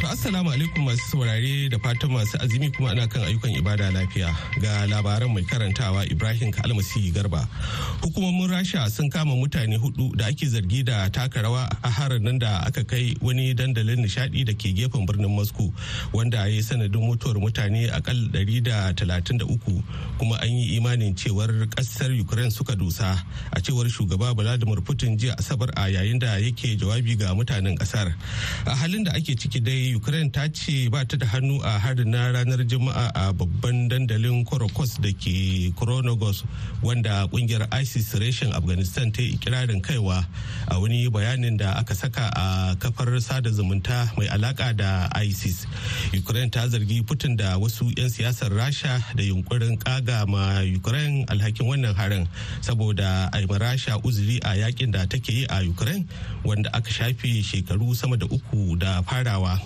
To assalamu alaikum masu saurare da fatan masu azumi kuma ana kan ayyukan ibada lafiya ga labaran mai karantawa Ibrahim Kalmasi Garba. Hukumomin Rasha sun kama mutane hudu da ake zargi da taka rawa a harin nan da aka kai wani dandalin nishadi da ke gefen birnin Moscow wanda ya yi sanadin mutuwar mutane da talatin da uku kuma an yi imanin cewar kasar Ukraine suka dusa a cewar shugaba Vladimir Putin jiya Asabar a yayin da yake jawabi ga mutanen kasar. A halin da ake ciki dai ukraine ta ce ba ta da hannu a harin na ranar juma'a a babban dandalin korokos da ke kronogos wanda kungiyar isis reshen afghanistan ta yi ikirarin kaiwa a wani bayanin da aka saka a kafar sada zumunta mai alaka da isis ukraine ta zargi putin da wasu 'yan siyasar rasha da yunkurin kaga ma ukraine alhakin wannan harin saboda aima rasha uzuri a yakin da take yi a ukraine wanda aka shafe shekaru sama da uku da farawa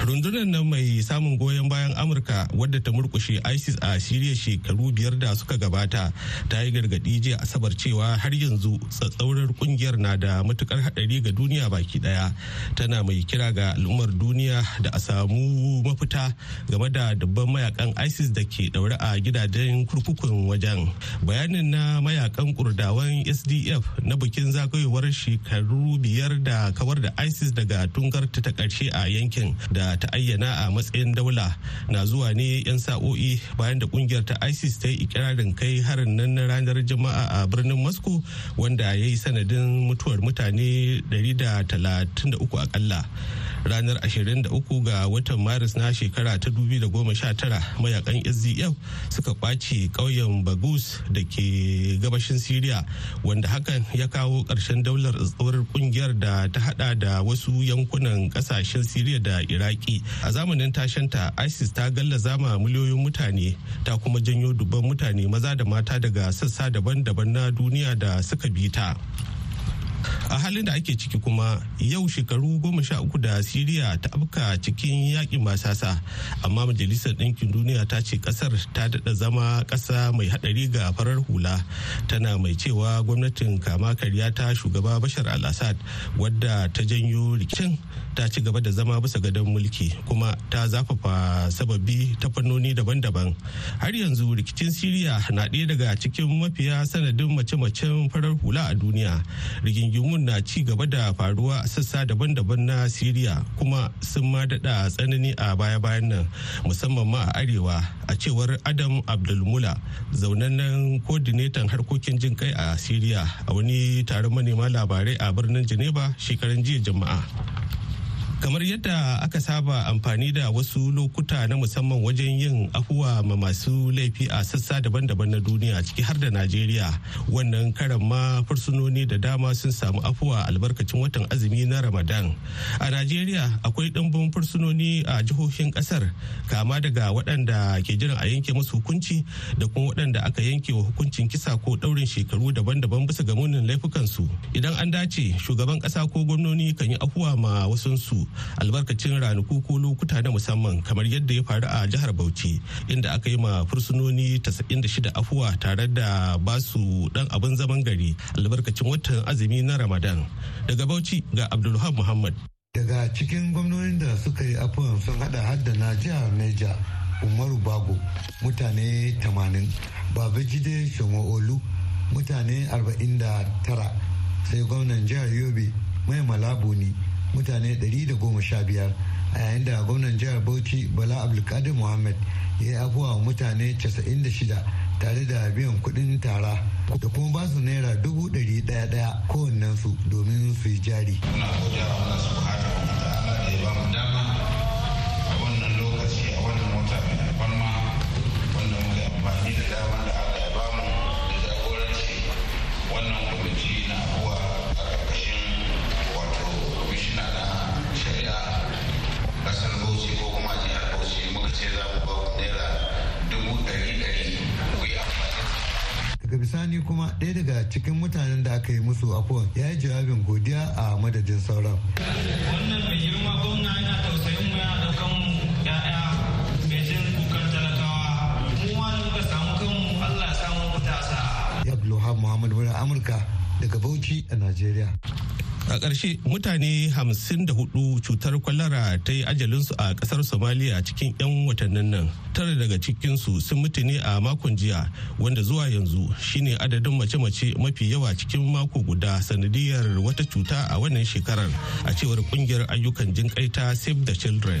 rundunar nan mai samun goyon bayan amurka wadda ta murkushe isis a shirya shekaru biyar da suka gabata ta yi gargadi jiya asabar cewa har yanzu tsatsaurar kungiyar na da matukar hadari ga duniya baki daya tana mai kira ga al'ummar duniya da a samu mafita game da dubban mayakan isis da ke daure a gidajen kurkukun wajen bayanin na mayakan kurdawan sdf na bikin zagayowar shekaru biyar da kawar da isis daga tungarta ta karshe a yankin da ta ayyana a matsayin daula na zuwa ne 'yan sa'o'i bayan da kungiyar ta isis ta yi ikirarin kai harin nan na ranar jama'a a birnin moscow wanda ya yi sanadin mutuwar mutane 133 akalla ranar 23 ga watan maris na shekara ta 2019 mayakan sdf suka kwace ƙauyen bagus da ke gabashin syria wanda hakan ya kawo ƙarshen daular tsohuwar kungiyar da ta hada da wasu yankunan ƙasashen syria da iraki a zamanin tashenta isis ta gallaza ma miliyoyin mutane ta kuma janyo dubban mutane maza da mata daga sassa daban-daban na duniya da suka bi ta a halin da ake ciki kuma yau shekaru goma sha uku da siriya ta abka cikin yakin basasa amma majalisar ɗinkin duniya ta ce ƙasar ta daɗa zama ƙasa mai haɗari ga farar hula tana mai cewa gwamnatin kama karya ta shugaba bashar al-assad wadda ta janyo rikicin ta ci gaba da zama bisa gadon mulki kuma ta zafafa sababbi ta fannoni daban-daban har yanzu rikicin siriya na ɗaya daga cikin mafiya sanadin mace-macen farar hula a duniya rigin rigingimun na ci gaba da faruwa a sassa daban-daban na Siriya kuma sun ma daɗa tsanani a baya-bayan nan musamman ma a arewa a cewar Adam Abdulmula zaunannen kodinetan harkokin jin kai a Siriya a wani taron manema labarai a birnin Geneva shekaran jiya jama'a. kamar yadda aka saba amfani da wasu lokuta na musamman wajen yin afuwa ma masu laifi a sassa daban-daban na duniya ciki har da najeriya wannan karan ma fursunoni da dama sun samu afuwa albarkacin watan azumi na ramadan a najeriya akwai ɗimbin fursunoni a jihohin ƙasar kama daga waɗanda ke jiran a yanke musu hukunci da kuma waɗanda aka yanke wa hukuncin kisa ko ɗaurin shekaru daban-daban bisa ga munin laifukansu idan an dace shugaban ƙasa ko gwamnoni kan yi afuwa ma wasunsu albarkacin ranaku ko lokuta na musamman kamar yadda ya faru a jihar Bauchi inda aka yi ma fursunoni 96 afuwa tare da basu dan abin zaman gari albarkacin watan azumi na Ramadan. Daga Bauchi ga Abdulhab Muhammad. Daga cikin gwamnonin da suka yi afuwan sun hada hadda na jihar Neja Umaru Bago mutane 80 Babajide Shomo Olu mutane 49 sai gwamnan jihar Yobe mai malabo ne mutane 115 a yayin da gwamnan jihar bauchi bala abdulkadir muhammad ya yi afuwa mutane 96 tare da biyan kudin tara da kuma ba su naira dubu ɗari ɗaya ɗaya kowannensu domin su yi jari. Muna kuma ɗaya daga cikin mutanen da aka yi musu afuwan ya yi jawabin godiya a madadin sauran. Wannan mai girma gwamna yana tausayin mu yana ɗaukan mu ya'ya mai jin kukan talakawa. Mu ma da muka samu kanmu Allah samu matasa. Abdulhamid Muhammad Mura Amurka daga Bauchi a Najeriya. a ƙarshe mutane 54 cutar kwalara ta yi ajalinsu a ƙasar somaliya cikin 'yan watannin nan tara daga cikinsu sun mutu ne a makon jiya wanda zuwa yanzu shine adadin mace-mace mafi yawa cikin mako guda sanadiyar wata cuta a wannan shekarar a cewar ƙungiyar ayyukan jinƙai ta save the children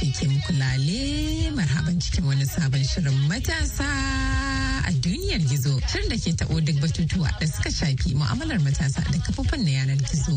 ce ke muku lale marhaban cikin wani sabon shirin matasa a duniyar gizo shirin da ke taɓo duk batutuwa da suka shafi mu'amalar matasa da kafofin na yanar gizo.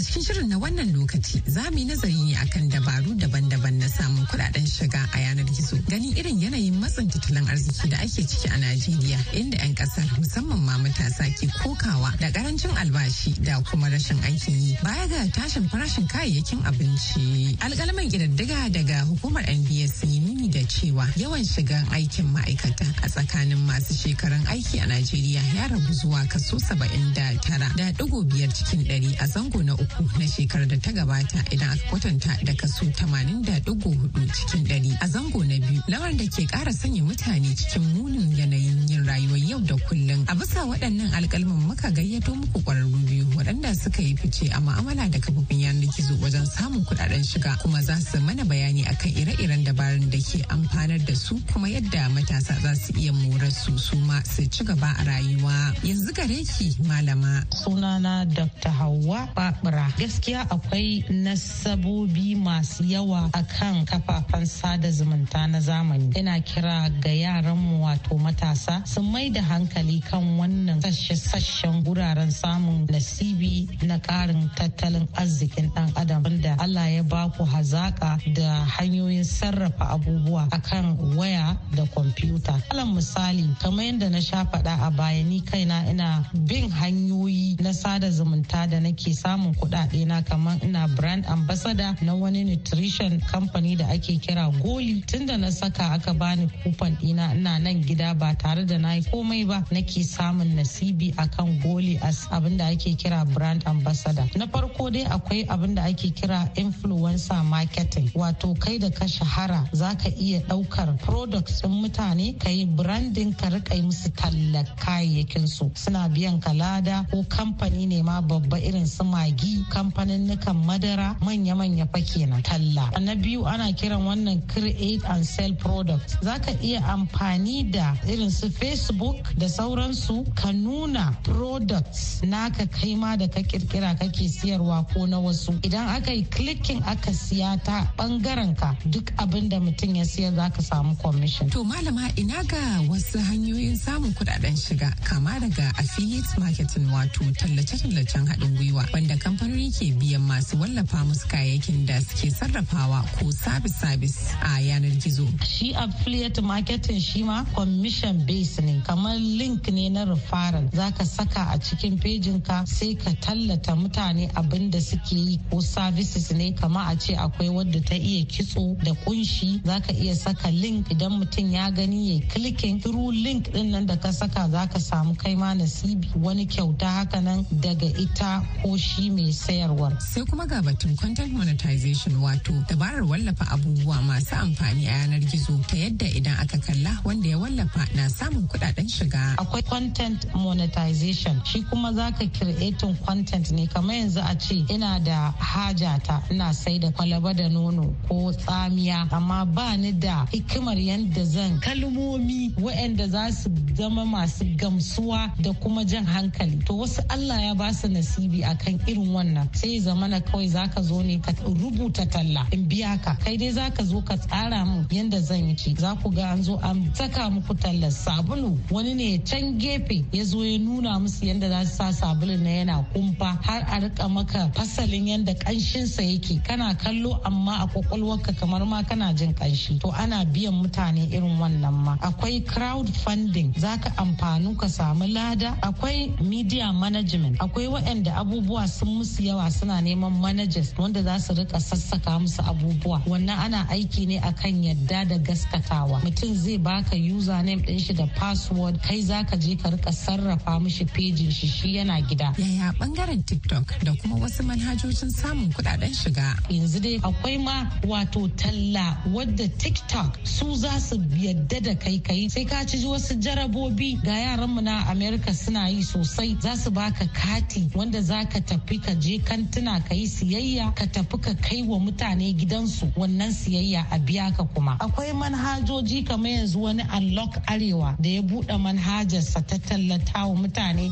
A cikin shirin na wannan lokaci za mu yi nazari ne akan dabaru daban-daban na samun kuɗaɗen shiga a yanar gizo. Ganin irin yanayin matsin tattalin arziki da ake ciki a Najeriya inda 'yan ƙasar musamman ma matasa ke kokawa da karancin albashi da kuma rashin aikin yi. Baya ga tashin farashin kayayyakin abinci. Alƙalman ƙididdiga daga hukumar NBS ne da cewa yawan shigan aikin ma'aikata a tsakanin masu shekaran aiki a Najeriya ya ragu zuwa kaso saba'in da tara biyar cikin ɗari a zango na uku na shekarar da ta gabata idan aka kwatanta da kaso tamanin da ɗigo hudu cikin ɗari a zango na biyu Lawar da ke ƙara sanya mutane cikin munin yanayin yin rayuwar yau da kullum a bisa waɗannan alƙalmin muka gayyato muku ƙwararru biyu waɗanda suka yi fice a mu'amala da kafofin yanar gizo wajen samun kuɗaɗen shiga kuma za su mana bayani akan ire-iren dabarun da ke amfanar da su kuma yadda matasa za su iya mora su su ma su ci gaba a rayuwa yanzu gare ki malama sunana dr hawa babura gaskiya akwai nasabobi masu yawa akan kafafen sada zumunta na zamani ina kira ga yaranmu wato matasa su mai da hankali kan wannan sashen guraren samun nasibi na karin tattalin arzikin dan adam wanda allah ya baku hazaka da hanyoyin sarrafa abubuwa abubuwa akan waya da kwamfuta alan misali kamar yadda na sha faɗa a baya ni kaina ina bin hanyoyi na sada zumunta da nake samun kuɗaɗe na kamar ina brand ambassador na wani nutrition company da ake kira goli tunda na saka aka bani kufan ɗina ina nan gida ba tare da na yi komai ba nake samun nasibi akan goli as abin da ake kira brand ambassador na farko dai akwai abin da ake kira influencer marketing wato kai da ka shahara zaka iya ɗaukar products din mutane ka yi branding ka rika yi musu talla kayayyakin su suna biyan kalada ko kamfani ne ma babba irin su magi kamfanin nukan madara manya-manya fa kenan talla na biyu ana kiran wannan create and sell products zaka iya amfani da irin su facebook da sauransu ka nuna products naka kai ma da ka kirkira kake siyarwa ko na wasu idan aka yi clicking aka siya ta bangaren ka duk abinda mutum ya siyar za ka samu commission. To malama ina ga wasu hanyoyin samun kudaden shiga kama daga affiliate marketing wato tallace-tallacen haɗin gwiwa wanda kamfanoni ke biyan masu wallafa musu kayayyakin da suke sarrafawa ko sabis-sabis a yanar gizo. Shi affiliate marketing shi ma commission based ne kamar link ne na referral za ka saka a cikin pejin ka sai ka tallata mutane abin da suke yi ko services ne kama a ce akwai wadda ta iya kitso da kunshi za ka iya saka link idan mutum ya gani ya klikin through link din nan da ka saka za ka samu kaima ma nasibi wani kyauta haka nan daga ita ko shi mai sayarwar. Sai kuma ga batun content monetization wato dabarar wallafa abubuwa masu amfani a yanar gizo ta yadda idan aka kalla wanda ya wallafa na samun kudaden shiga. Akwai content monetization shi kuma za ka creating content ne kamar yanzu a ce ina da hajata ina sai da kwalaba da nono ko tsamiya amma ba ni ni da hikimar yadda zan kalmomi waɗanda za su zama masu gamsuwa da kuma jan hankali to wasu Allah ya ba su nasibi akan irin wannan sai zama na kawai zaka zo ne ka rubuta talla in biya ka kai dai zaka zo ka tsara mu yadda zan yi ki za ku ga an zo an saka muku tallar sabulu wani ne can gefe ya zo ya nuna musu yadda za su sa sabulun na yana kumfa har a rika maka fasalin yadda kanshinsa yake kana kallo amma a kwakwalwarka kamar ma kana jin kanshi to ana biyan mutane irin wannan ma akwai crowd crowdfunding ka amfanu ka samu lada akwai media management akwai waɗanda abubuwa sun musu yawa suna neman managers wanda za su rika sassaka musu abubuwa wannan ana aiki ne akan yadda da gaskatawa mutum zai baka username din shi da password kai za ka je ka rika sarrafa mishi pejin shi shi yana gida yaya bangaren tiktok da kuma wasu manhajojin samun kudaden shiga yanzu dai akwai ma wato talla wadda tiktok su za su yadda da kai kai sai ka ci wasu jarabobi ga yaran mu na america suna yi sosai za su baka kati wanda za ka tafi ka je kantuna ka siyayya ka tafi ka kai wa mutane gidansu wannan siyayya a biya ka kuma akwai manhajoji kamar yanzu wani unlock arewa da ya buɗe manhajarsa ta tallata wa mutane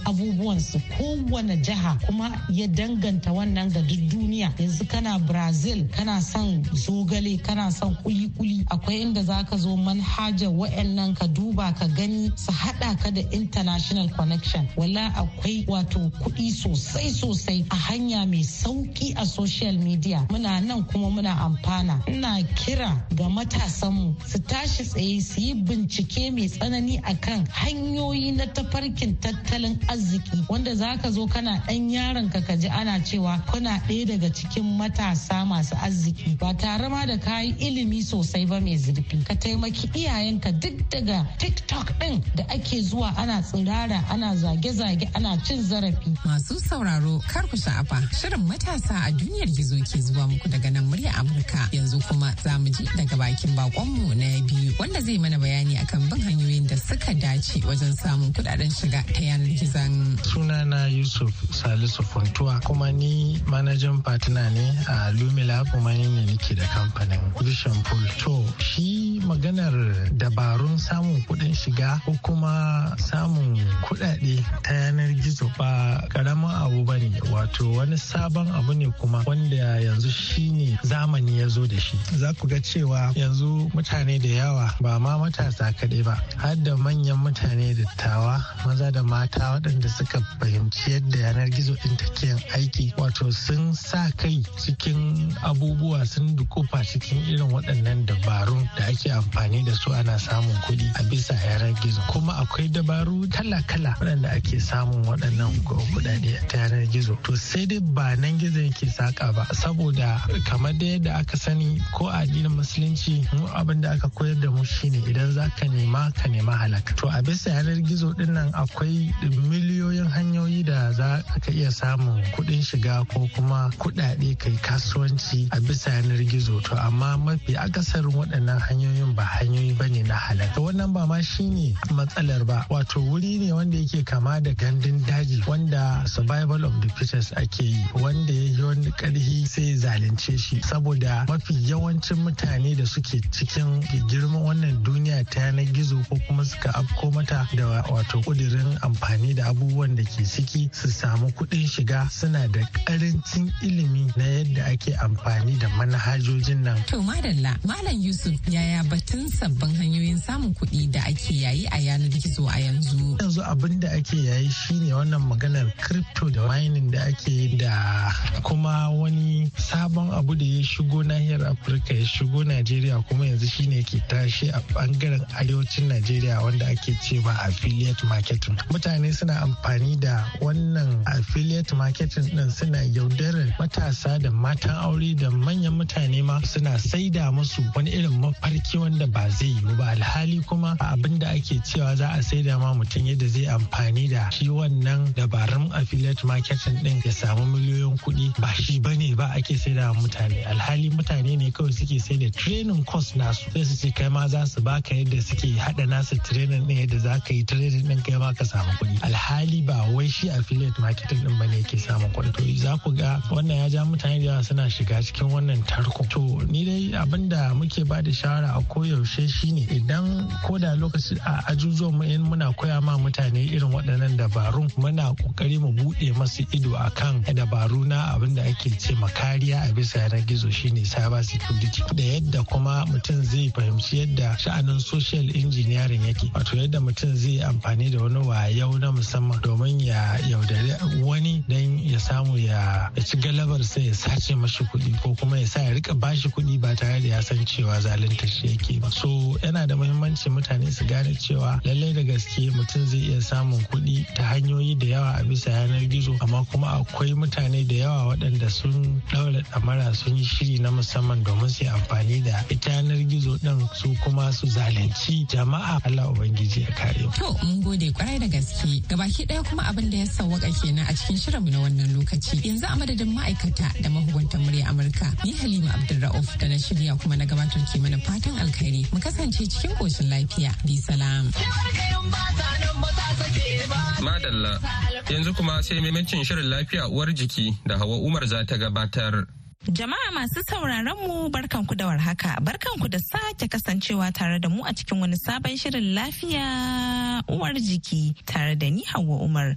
su kowane jiha kuma ya danganta wannan ga duk duniya yanzu kana brazil kana son zogale kana son kuli-kuli akwai inda za ka zo manhajar wa'annan ka duba ka gani su haɗa ka da international connection wala akwai wato kuɗi sosai sosai a hanya mai sauki a social media muna nan kuma muna amfana ina kira ga matasanmu su tashi tsaye su yi bincike mai tsanani akan hanyoyi na tafarkin tattalin arziki wanda za ka zo kana ɗan yaron ka ji ana cewa kuna ɗaya daga cikin matasa masu arziki ba tare ma da kayi ilimi sosai ba mai zurfi ka taimaki iyayenka duk daga tiktok din da ake zuwa ana tsirara ana zage-zage ana cin zarafi masu sauraro kar ku sha'afa shirin matasa a duniyar gizo ke zuwa muku daga nan murya amurka yanzu kuma za mu ji daga bakin bakonmu na biyu wanda zai mana bayani akan bin hanyoyin da suka dace wajen samun kudaden shiga ta yanar gizon sunana yusuf salisu funtuwa kuma ni manajan partner ne a lumila kuma ni ne nake da kamfanin vision pool to shi maganar dabarun samun kuɗin shiga ko kuma samun kuɗaɗe ta yanar gizo ba karamin abu ba ne wato wani sabon abu ne kuma wanda yanzu shi ne zamani ya zo da shi. Za ku ga cewa yanzu mutane da yawa ba ma matasa kaɗai ba har da manyan mutane dattawa maza da mata waɗanda suka fahimci yadda yanar gizo ɗin take yin aiki wato sun sa kai cikin abubuwa sun dukufa cikin irin waɗannan dabaru. dabarun da ake amfani da su ana samun kuɗi a bisa yanar gizo kuma akwai dabaru kala-kala waɗanda ake samun waɗannan kuɗaɗe ta yanar gizo to sai dai ba nan gizo yake saƙa ba saboda kamar da yadda aka sani ko a addinin musulunci mu abin da aka koyar da mu shine idan za ka nema ka nema halaka to a bisa yanar gizo din nan akwai miliyoyin hanyoyi da za ka iya samun kuɗin shiga ko kuma kuɗaɗe kai kasuwanci a bisa yanar gizo to amma mafi akasarin waɗannan hanyoyin ba hanyoyi ba ne na halatta wannan ba ma shi ne matsalar ba wato wuri ne wanda yake kama da gandun daji wanda survival of the fittest ake yi wanda ya yi wani ƙarfi sai zalunce shi saboda mafi yawancin mutane da suke cikin girman wannan duniya ta yanar gizo ko kuma suka afko mata da wato ƙudirin amfani da abubuwan da ke ciki su samu kuɗin shiga suna da ƙarancin ilimi na yadda ake amfani da manhajojin nan. To Yusuf yaya batun sabbin hanyoyin samun kuɗi da ake yayi a yanar gizo a yanzu. Yanzu abin da ake yayi shine wannan maganar crypto da mining da ake da kuma wani sabon abu da ya shigo nahiyar Afirka ya shigo Najeriya kuma yanzu shine ke tashi a bangaren arewacin Najeriya wanda ake ce ma affiliate marketing. Mutane suna amfani da wannan affiliate marketing din suna yaudarar matasa da matan aure da manyan mutane ma suna saida musu wani irin mafarki wanda ba zai yiwu ba alhali kuma abin da ake cewa za a saida ma mutum yadda zai amfani da shi wannan dabarun affiliate marketing din ya samu miliyoyin kuɗi ba shi ba ne ba ake saida wa mutane alhali mutane ne kawai suke sai da training course nasu sai su ce kai ma za su baka yadda suke haɗa nasu training din yadda za ka yi training din kai ma ka samu kuɗi alhali ba wai shi affiliate marketing din ne yake samun kuɗi to za ku ga wannan ya ja mutane da yawa suna shiga cikin wannan tarko to ni dai abin da muke ba da shawara a koyaushe shine idan ko da lokaci a ajujuwan mu in muna koya ma mutane irin waɗannan dabarun muna kokari mu buɗe masu ido akan dabaru na abin da ake ce kariya a bisa yanar gizo shine cyber security da yadda kuma mutum zai fahimci yadda sha'anin social engineering yake wato yadda mutum zai amfani da wani wayau na musamman domin ya yaudari wani don ya samu ya ci galabar sai ya sace mashi kuɗi ko kuma ya sa ya rika bashi kuɗi ba tare da ya san cewa cewa zalunta shi yake ba so yana da muhimmanci mutane su gane cewa lallai da gaske mutum zai iya samun kuɗi ta hanyoyi da yawa a bisa yanar gizo amma kuma akwai mutane da yawa waɗanda sun ɗaura ɗamara sun yi shiri na musamman domin su amfani da ita yanar gizo ɗin su kuma su zalunci jama'a Allah Ubangiji ya kare. To mun gode kwarai da gaske gabaki ɗaya kuma abin da ya sawwaka kenan a cikin shirin mu na wannan lokaci yanzu a madadin ma'aikata da mahukuntan murya Amurka ni Halima Abdulra'uf da na shirya kuma na gabatar Bashir ke mana fatan alkhairi mu kasance cikin koshin lafiya. Bi salam. Madalla yanzu kuma sai maimacin shirin lafiya uwar jiki da Hawa Umar za ta gabatar. Jama'a masu sauraron mu barkanku da warhaka, barkanku da sake kasancewa tare da mu a cikin wani sabon shirin lafiya uwar jiki tare da ni Hauwa Umar.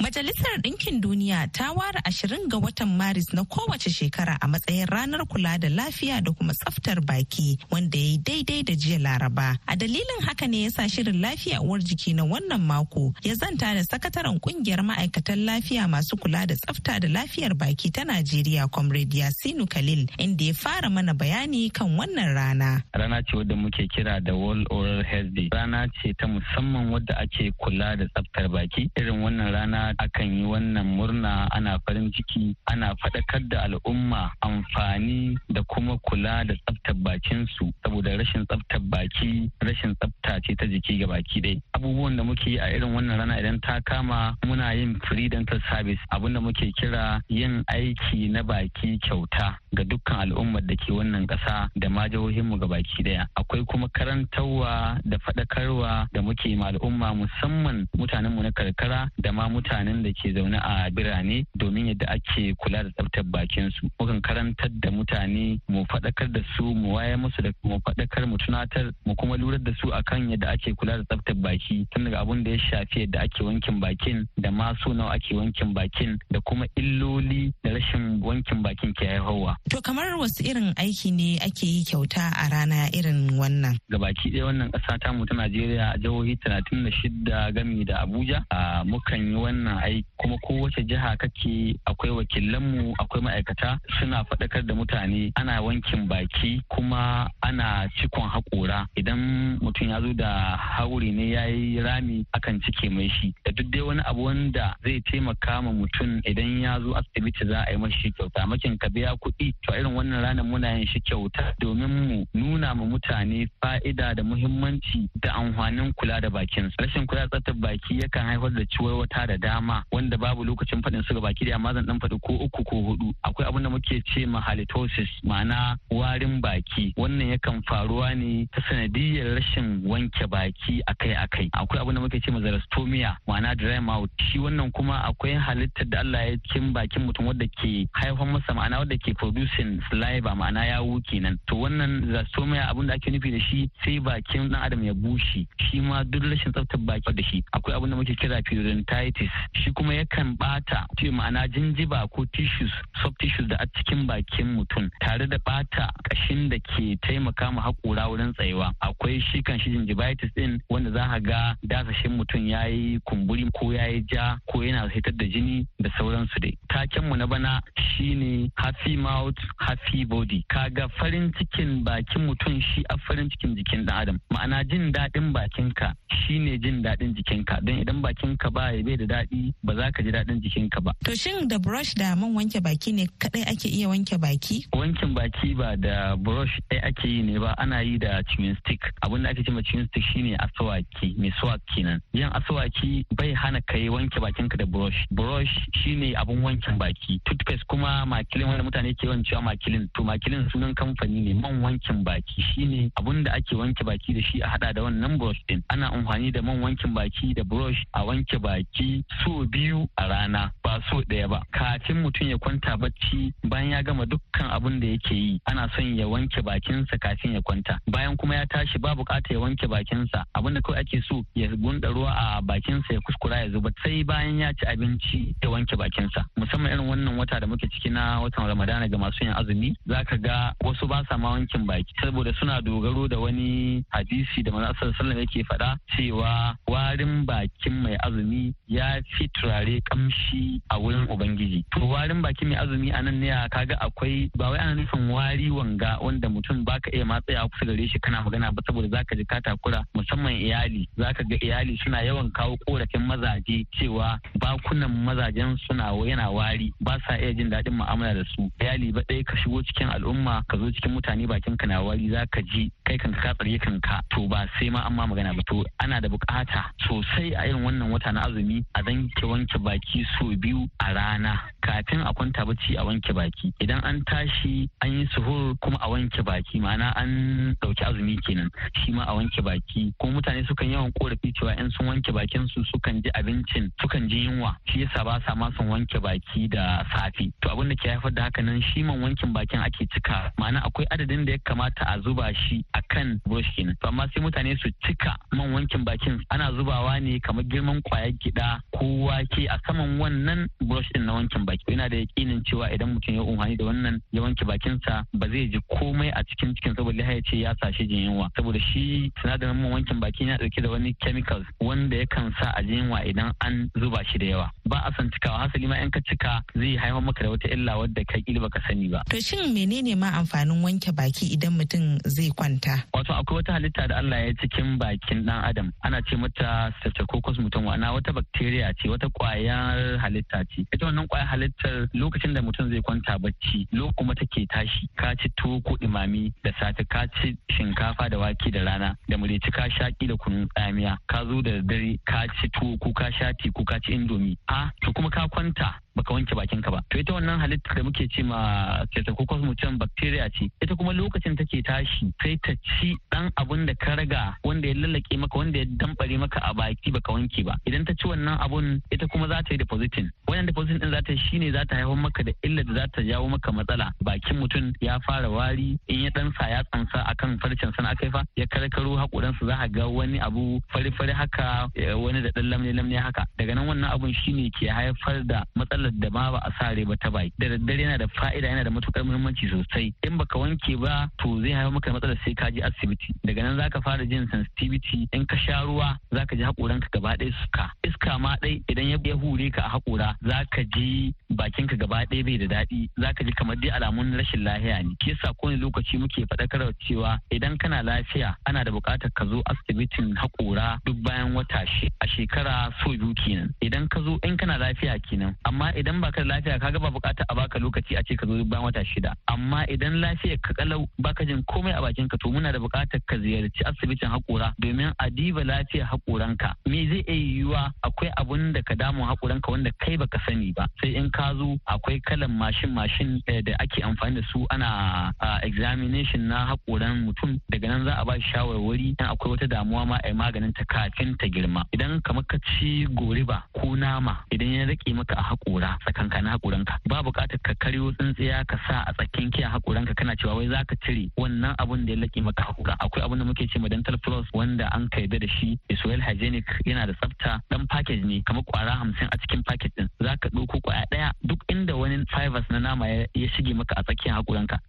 Majalisar Ɗinkin Duniya ta ware ashirin ga watan Maris na kowace shekara a matsayin ranar kula da lafiya da kuma tsaftar baki wanda ya yi daidai da jiya Laraba. A dalilin haka ne ya sa shirin lafiya uwar jiki na wannan mako ya zanta da sakataren kungiyar ma'aikatan lafiya masu kula da tsafta da lafiyar baki ta Najeriya Comrade Yasinu Khalil inda ya fara mana bayani kan wannan rana. Rana ce wadda muke kira da World Oral Health Day. Rana ce ta musamman wadda ake kula da tsaftar baki. Irin wannan rana rana akan yi wannan murna ana farin ciki ana faɗakar da al'umma amfani da kuma kula da tsaftar bakin su saboda rashin tsaftar baki rashin tsafta ce ta jiki ga baki dai abubuwan da muke yi a irin wannan rana idan ta kama muna yin free dental service da muke kira yin aiki na baki kyauta ga dukkan al'ummar da ke wannan ƙasa da ma jihohinmu ga baki daya akwai kuma karantarwa da faɗakarwa da muke ma al'umma musamman mutanenmu na karkara da ma mutanen da ke zaune a birane domin yadda ake kula da tsaftar bakin su mukan karantar da mutane mu faɗakar da su mu wayar musu da mu faɗakar mu tunatar mu kuma lura da su akan yadda ake kula da tsaftar baki tun daga abun da ya shafi yadda ake wankin bakin da ma so nawa ake wankin bakin da kuma illoli da rashin wankin bakin ke haihuwa. To kamar wasu irin aiki ne ake yi kyauta a rana irin wannan? Gabaki ɗaya wannan ƙasa mu ta Najeriya a jihohi talatin da shida gami da Abuja a mukan yi yi wannan ai kuma kowace jiha kake akwai wakilanmu akwai ma'aikata suna faɗakar da mutane ana wankin baki kuma ana cikon haƙora idan mutum ya zo da hauri ne ya yi rami akan cike mai shi da duk dai wani abu wanda zai taimaka ma mutum idan ya zo asibiti za a yi mashi kyauta makin ka biya kuɗi to irin wannan ranar muna yin shi kyauta domin mu nuna ma mutane fa'ida da muhimmanci da amfanin kula da bakin rashin kula da tsaftar baki yakan haifar da ciwarwata wata da dama wanda babu lokacin faɗin su baki da amma zan dan faɗi ko uku ko hudu akwai abin da muke ce ma halitosis ma'ana warin baki wannan yakan faruwa ne ta sanadiyyar rashin wanke baki akai-akai akwai abin da muke ce ma xerostomia ma'ana dry mouth shi wannan kuma akwai halittar da Allah ya cin bakin mutum wadda ke haifar masa ma'ana wadda ke producing saliva ma'ana yawo kenan to wannan zarastomia abin da ake nufi da shi sai bakin dan adam ya bushe shi ma duk rashin tsaftar baki da shi akwai abin da muke kira pyrentite shi kuma yakan bata ce ma'ana jinjiba ko tissues soft tissues da a cikin bakin mutum tare da bata kashin da ke taimaka ma haƙura wurin tsayuwa akwai shi kan shi gingivitis din wanda za ka ga dasashin mutum ya yi kumburi ko ya yi ja ko yana fitar da jini da sauransu dai taken mu na bana shine happy mouth happy body kaga farin cikin bakin mutum shi a farin cikin jikin dan adam ma'ana jin daɗin bakinka shine jin daɗin jikinka don idan bakinka ba ya bai da ji daɗi ba za ka ji daɗin jikinka ba. To shin da brush da man wanke baki ne kaɗai ake iya wanke baki? Wankin baki ba da brush ɗaya ake yi ne ba ana yi da chewing stick. Abin da ake ce chewing stick shine mai miswak kenan. Yin aswaki bai hana kai yi wanke bakinka da brush. Brush shine abin wankin baki. Toothpaste kuma makilin wanda mutane ke yawan cewa makilin. To makilin sunan kamfani ne man wankin baki shine abin da ake wanke baki da shi a hada da wannan brush din. Ana amfani da man wankin baki da brush a wanke baki so biyu a rana ba so ɗaya ba kafin mutum ya kwanta bacci bayan ya gama dukkan abin da yake yi ana son ya wanke bakinsa kafin ya kwanta bayan kuma ya tashi ba bukata ya wanke bakinsa abin da kawai ake so ya gunda ruwa a bakinsa ya kuskura ya zuba sai bayan ya ci abinci ya wanke bakinsa musamman irin wannan wata da muke ciki na watan ramadana ga masu yin azumi za ka ga wasu ba sa ma wankin baki saboda suna dogaro da wani hadisi da manzo yake faɗa cewa warin bakin mai azumi ya ya fi turare kamshi a wurin ubangiji to warin baki mai azumi a nan ne kaga akwai ba wai ana nufin wari wanga wanda mutum baka iya matsa kusa gare shi kana magana ba saboda zaka ji ka takura musamman iyali zaka ga iyali suna yawan kawo korafin mazaje cewa bakunan mazajen suna yana wari ba sa iya jin daɗin mu'amala da su iyali ba ɗaya ka shigo cikin al'umma ka zo cikin mutane bakin ka na wari zaka ji kai kanka ka tsare kanka to ba sai ma an magana ba to ana da bukata sosai a irin wannan wata na azumi a zanke wanke baki so biyu a rana kafin a kwanta bacci a wanke baki idan an tashi an yi suhur kuma a wanke baki ma'ana an dauki azumi kenan shi ma a wanke baki ko mutane sukan yawan korafi cewa in sun wanke bakin su sukan ji abincin sukan ji yunwa shi yasa ba sa ma son wanke baki da safe to abin da ke haifar da haka nan shi man wankin bakin ake cika ma'ana akwai adadin da ya kamata a zuba shi a kan kenan to amma sai mutane su cika man wankin bakin ana zubawa ne kamar girman kwaya gida ko wake a saman wannan brush din na wankin baki yana da yakinin cewa idan mutum ya umhani da wannan ya wanke sa ba zai ji komai a cikin cikin saboda ya ce ya sashi jin yunwa saboda shi sinadarin man wankin baki yana dauke da wani chemicals wanda yakan sa a jin yunwa idan an zuba shi da yawa ba a san cikawa hasali ma yan ka cika zai haifar maka da wata illa wadda kai baka sani ba to shin menene ma amfanin wanke baki idan mutum zai kwanta halitta. Wato akwai wata halitta da Allah ya cikin bakin ɗan Adam ana ce mata Streptococcus mutum wana wata bakteriya ce wata kwayar halitta ce. Ita wannan kwayar halittar lokacin da mutum zai kwanta bacci lo kuma take tashi ka ci tuwo ko imami da safe ka ci shinkafa da wake da rana da mulici ka shaki da kunun tsamiya ka zo da dare ka ci tuwo ko ka sha ko ka ci indomi a to kuma ka kwanta baka wanke bakin ka ba to ita wannan halitta da muke ce ma kuma mutum bacteria ce ita kuma lokacin take tashi sai ta ci dan abun da ka raga wanda ya lalake maka wanda ya dambare maka a baki baka wanke ba idan ta ci wannan abun ita kuma za ta yi depositing wannan depositing din za ta shine za ta haifar maka da illar da za ta jawo maka matsala bakin mutum ya fara wari in ya dan sa ya tsansa akan farcen sana akai fa ya karkaro su za a ga wani abu fari-fari haka eh, wani da dan lamne-lamne haka daga nan wannan abun shine ke haifar da matsala matsalar da ma ba a sare ba ta baki da daddare yana da fa'ida yana da matukar muhimmanci sosai in baka wanke ba to zai haifar maka matsalar sai ka je asibiti daga nan zaka fara jin sensitivity in ka sha ruwa zaka ji hakoran ka gaba ɗaya suka iska ma ɗai idan ya hure ka a hakora zaka ji bakinka gaba ɗaya bai da daɗi zaka ji kamar dai alamun rashin lafiya ne ke sa kowane lokaci muke faɗakarwa cewa idan kana lafiya ana da buƙatar ka zo asibitin hakora duk bayan wata a shekara so biyu kenan idan ka zo in kana lafiya kenan amma idan baka da lafiya kaga ba bukata a baka lokaci a ce ka zo bayan wata shida amma idan lafiya ka kalau baka jin komai a bakin ka to muna da bukatar ka ziyarci asibitin hakora domin a diba lafiyar ka me zai iya yiwuwa akwai abun da ka damu hakoranka wanda kai baka sani ba sai in ka zo akwai kalan mashin mashin eh, da ake amfani da su ana ah, examination na hakoran mutum daga nan za a ba shawarwari dan akwai wata damuwa ma a maganin ta kafin ta girma idan kamar ka ci goriba ko nama idan ya rike maka a hakora guda tsakankanin hakoranka ba bukatar ka karyo tsintsiya ka sa a tsakin kiyan hakoranka kana cewa wai ka cire wannan abun da ya laƙe maka hakora akwai abun da muke ce ma dental floss wanda an kaida da shi isuel hygienic yana da tsafta dan package ne kamar kwara hamsin a cikin package din ka ɗauko kwaya ɗaya duk inda wani fibers na nama ya shige maka a tsakiyar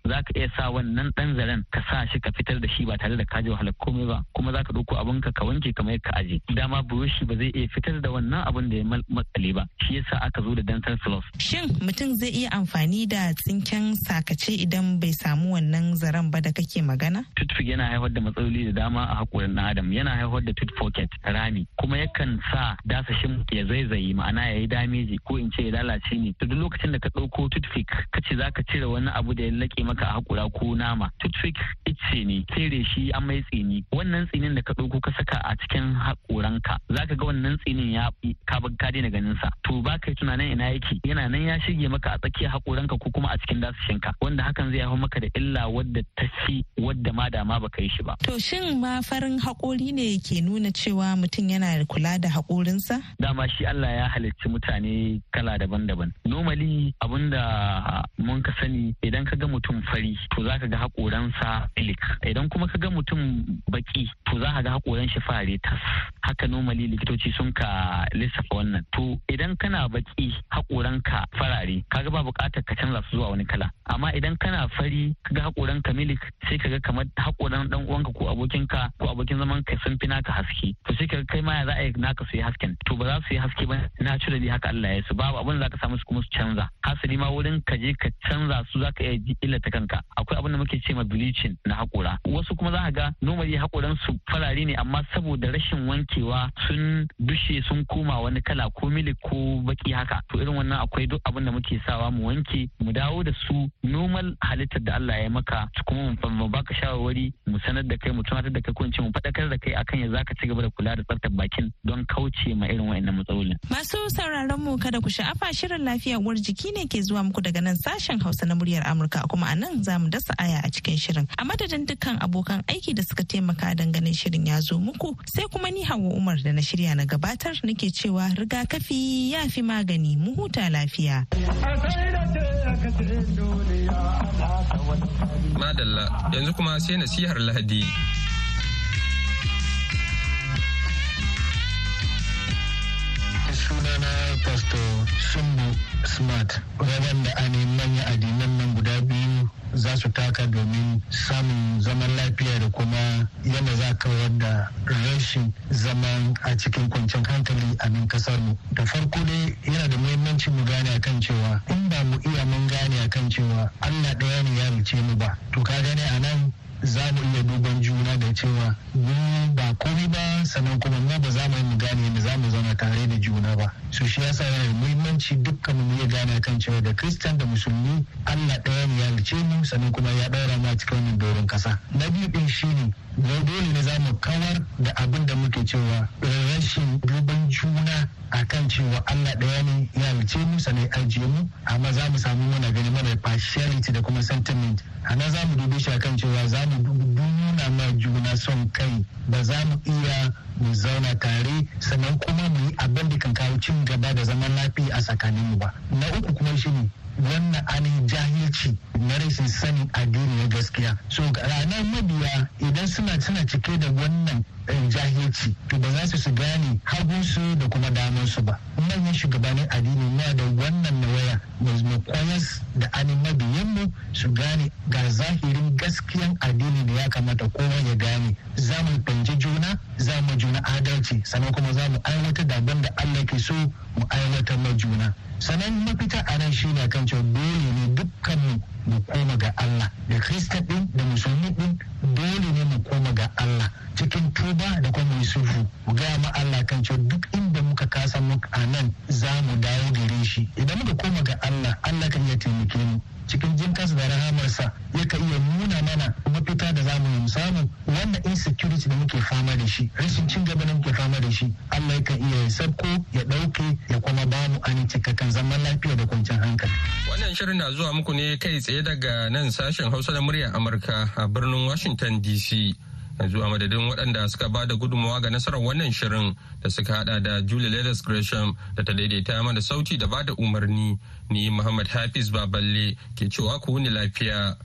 za ka iya sa wannan ɗan zaren ka sa shi ka fitar da shi ba tare da ka wahalar komai ba kuma za ka ɗauko abun ka ka wanke kamar ka aje dama burushi ba zai iya fitar da wannan abun da ya matsale ba shi yasa aka zo da dental tetanus. Shin mutum zai iya amfani da tsinken sakace idan bai samu wannan zaren ba da kake magana? Tutfig yana haifar da matsaloli da dama a haƙurin ɗan adam yana haifar da tut pocket rami kuma yakan sa dasashin ya zaizayi ma'ana ya yi dameji ko in ce ya lalace ne. To duk lokacin da ka ɗauko tutfik ka ce za ka cire wani abu da ya laƙe maka a haƙura ko nama. tutfik ice ne kere shi an mai tsini wannan tsinin da ka ɗauko ka saka a cikin haƙuranka za ka ga wannan tsinin ya ka ka daina ganin sa. To ba ka tunanin ina aiki yana nan ya shige maka a tsakiyar ka. ko kuma a cikin ka. wanda hakan zai hau maka da illa wadda ta fi wadda ma da ma baka yi shi ba. To shin ma farin haƙori ne ke nuna cewa mutum yana da kula da haƙorinsa? Dama shi Allah ya halicci mutane kala daban-daban. Normally abinda mun ka sani idan ka ga mutum fari to za ka ga haƙoransa ilik. Idan kuma ka ga mutum baki to za ka ga hakoran shi fare tas. Haka normally likitoci sun ka lissafa wannan. To idan kana baki haƙoranka farare ka kaga ba buƙatar ka canza su zuwa wani kala amma idan kana fari kaga haƙoranka milik sai kaga kamar haƙoran dan uwanka ko abokinka ko abokin zaman ka sun fi naka haske to sai kaga kai ma ya za a yi naka su yi hasken to ba za su yi haske ba na naturally haka Allah ya su babu abin da za ka samu su kuma su canza hasali ma wurin ka je ka canza su za ka iya illata kanka akwai abin da muke ce ma bilicin na haƙora wasu kuma za ka ga normally haƙoran su farare ne amma saboda rashin wankewa sun dushe sun koma wani kala ko milik ko baki haka to irin wannan akwai duk abin da muke sawa mu wanke mu dawo da su normal halittar da Allah ya maka kuma mu baka shawarwari mu sanar da kai mu tunatar da kai ko mu faɗakar da kai akan ya zaka ci gaba da kula da tsaftar bakin don kauce ma irin wa'annan matsalolin. Masu sauraron mu kada ku sha'afa shirin lafiya uwar jiki ne ke zuwa muku daga nan sashen Hausa na muryar Amurka kuma anan nan za mu dasa aya a cikin shirin. A madadin dukkan abokan aiki da suka taimaka dangane ganin shirin ya zo muku sai kuma ni Hauwa Umar da na shirya na gabatar nake cewa rigakafi ya fi magani mu huta lafiya. Madalla yanzu kuma sai nasihar Lahadi. Sunana Pastor Sumbu smart waɗanda a manyan addinan nan guda biyu za su taka domin samun zaman lafiya da kuma yadda za kawar da rashin zaman a cikin kwanciyar hankali a nan kasar mu da farko dai yana da muhimmanci mu gane a kan cewa in ba mu iya mun gane a kan cewa allah ɗaya ne ya rice mu ba to ka gane a nan za mu iya duban juna da cewa ba komai ba sannan kuma mu ba za mu yi mu gane yadda za mu zauna tare da juna ba su shi yasa yana da muhimmanci dukkan mu ya gane kan cewa da kristan da musulmi Allah ɗaya ne ya rice mu sannan kuma ya ɗaura mu a cikin wannan doron kasa na biyu shi ne. na dole ne za mu kawar da abin da muke cewa rashin duban juna a kan cewa Allah ɗaya ne ya halice mu sani ajiye mu amma za mu samu mana gani mana partiality da kuma sentiment ana za mu dube shi a kan cewa za mu nuna ma juna son kai ba za mu iya mu zauna tare sannan kuma mu yi abin da kan kawo cin gaba da zaman lafiya a tsakaninmu ba na uku kuma shi ne wannan ani jahilci na rashin sanin addini na gaskiya so ranar mabiya idan suna cike da wannan Ɗan eh, jahilci to ba za su su gane hagunsu da kuma damansu ba manyan shugabannin addini na da wannan nawaya mai koyas da anin mabiyanmu su gane ga zahirin gaskiyan addini da ya kamata kowa ya gane za mu fanci juna za mu juna adalci sannan kuma za mu aiwatar da abin da Allah ke so mu aiwatar ma juna sannan mafita a nan shine kan cewa dole ne dukkanmu mu koma ga Allah da Kirista ɗin da musulmi ɗin dole ne mu koma ga Allah cikin tuba da kuma mai sulhu mu gaya ma Allah kan cewa duk inda muka kasa muka a nan za mu dawo gare shi idan muka koma ga Allah Allah kan iya taimake mu cikin jinkansa da rahamarsa yaka iya nuna mana mafita da zamu yi samu wannan insecurity da muke fama da shi rashin cin gaba da muke fama da shi Allah ya iya ya sabko ya dauke ya kuma bamu mu an cikakken zaman lafiya da kwanciyar hankali wannan shirin na zuwa muku ne kai tsaye daga nan sashen Hausa da muryar Amurka a birnin Washington DC yanzu a madadin waɗanda suka ba da gudunmawa ga nasarar wannan shirin da suka hada da julie ladis gresham da ta daidaita mana sauti da ba da umarni ni muhammad hafiz baballe ke cewa ku wuni lafiya.